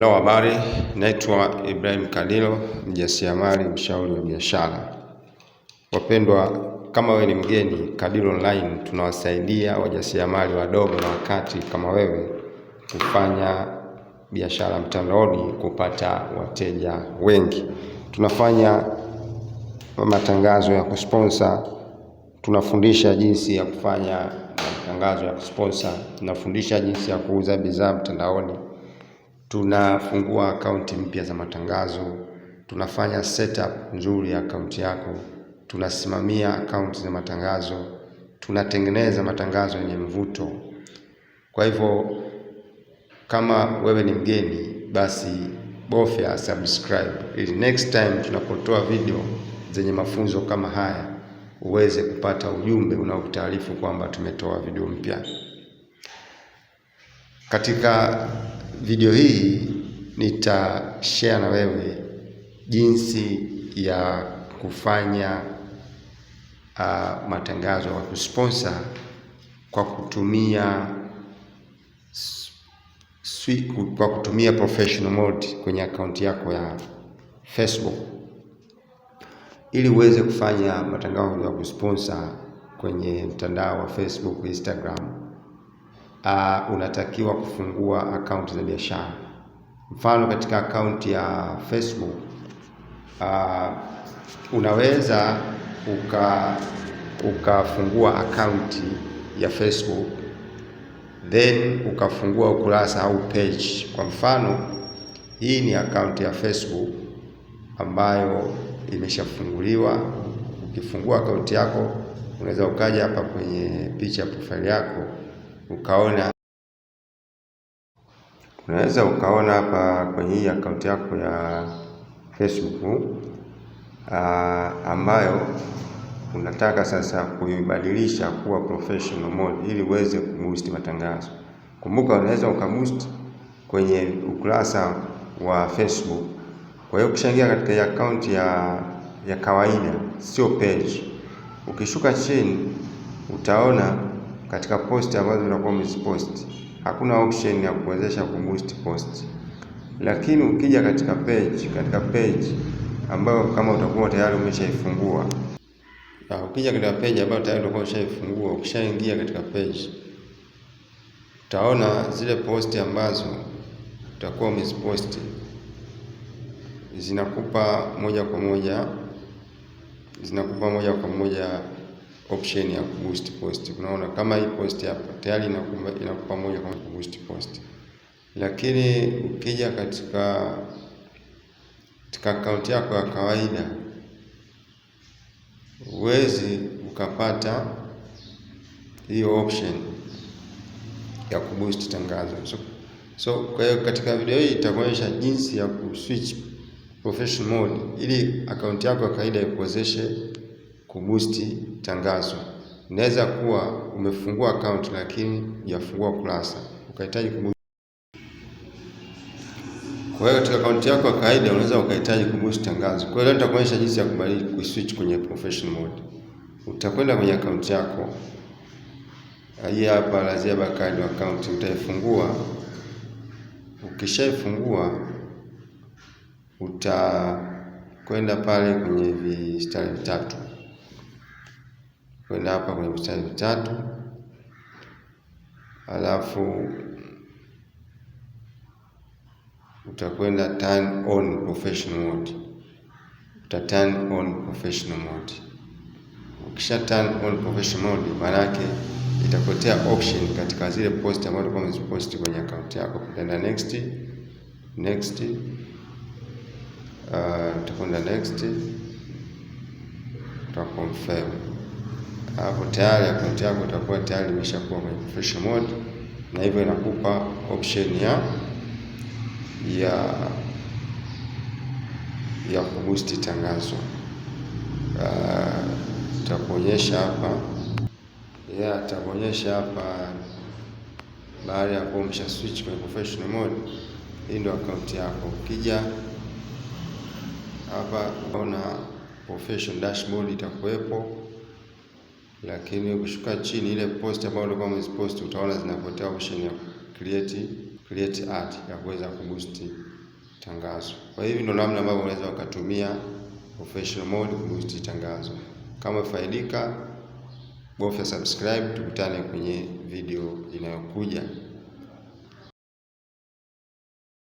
Lao, habari. Naitwa Ibrahim Kalilo, mjasiriamali, mshauri wa biashara. Wapendwa, kama wewe ni mgeni, Kalilo Online tunawasaidia wajasiriamali wadogo na wakati kama wewe kufanya biashara mtandaoni, kupata wateja wengi. Tunafanya matangazo ya kusponsor, tunafundisha jinsi ya kufanya matangazo ya kusponsor, tunafundisha jinsi ya kuuza bidhaa mtandaoni tunafungua akaunti mpya za matangazo, tunafanya setup nzuri ya akaunti yako, tunasimamia akaunti za matangazo, tunatengeneza matangazo yenye mvuto. Kwa hivyo kama wewe ni mgeni, basi bofya subscribe ili next time tunapotoa video zenye mafunzo kama haya uweze kupata ujumbe unaokutaarifu kwamba tumetoa video mpya katika video hii nitashare na wewe jinsi ya kufanya uh, matangazo ya kusponsor kwa kutumia kwa kutumia professional mode kwenye akaunti yako ya Facebook ili uweze kufanya matangazo ya kusponsor kwenye mtandao wa Facebook, Instagram uh, unatakiwa kufungua akaunti za biashara. Mfano katika akaunti ya Facebook uh, unaweza uka ukafungua akaunti ya Facebook then ukafungua ukurasa au page. Kwa mfano, hii ni akaunti ya Facebook ambayo imeshafunguliwa. Ukifungua akaunti yako, unaweza ukaja hapa kwenye picha ya profile yako ukaona unaweza ukaona hapa kwenye hii akaunti yako ya Facebook uh, ambayo unataka sasa kuibadilisha kuwa professional mode ili uweze kuboost matangazo. Kumbuka unaweza ukaboost kwenye ukurasa wa Facebook. Kwa hiyo ukishaingia katika akaunti ya, ya kawaida sio page, ukishuka chini utaona katika post ambazo unakuwa umezipost. Hakuna option ya kuwezesha kuboost post. Lakini ukija katika page, katika page ambayo kama utakuwa tayari umeshaifungua. Na ukija katika page ambayo tayari utakuwa umeshaifungua, ukishaingia katika page utaona zile posti ambazo utakuwa umeziposti zinakupa moja kwa moja, zinakupa moja kwa moja option ya kuboost post. Unaona kama hii post hapa tayari inakupa inakupa moja kwa boost post, lakini ukija katika katika akaunti yako ya kawaida huwezi ukapata hiyo option ya kuboost tangazo. So, so kwa hiyo katika video hii itakuonyesha jinsi ya kuswitch professional mode ili akaunti yako ya kawaida ikuwezeshe kuboost tangazo. Inaweza kuwa umefungua account lakini hujafungua kurasa, ukahitaji kuboost. Kwa hiyo katika akaunti yako ya kawaida unaweza ukahitaji kuboost tangazo. Kwa hiyo leo nitakuonyesha jinsi ya kubadili kuswitch kwenye professional mode. Utakwenda kwenye akaunti yako ah, hii hapa, Razia Bakari account, utaifungua. Ukishaifungua utakwenda pale kwenye vistari vitatu kwenda hapa kwenye mistari mitatu, alafu utakwenda turn on professional mode, uta turn on professional mode. Ukisha turn on professional mode, maana yake itakuletea option katika zile post ambazo ulikuwa umezipost kwenye account yako, utaenda next, next utakwenda uh, next, utakonfirm hapo tayari akaunti yako itakuwa tayari imeshakuwa kwenye fresh mode, na hivyo inakupa option ya ya ya kuboost tangazo ah, itakuonyesha uh, hapa yeah, itakuonyesha hapa baada ya kuwa umesha switch kwenye professional mode. Hii ndio account yako. Ukija hapa unaona professional dashboard itakuwepo lakini ukishuka chini ile post ambayo ulikuwa umezipost utaona zinapotea option ya create create ad ya kuweza kuboost tangazo. Kwa hivi ndio namna ambavyo unaweza ukatumia professional mode kuboost tangazo. Kama faidika, bofya subscribe, tukutane kwenye video inayokuja.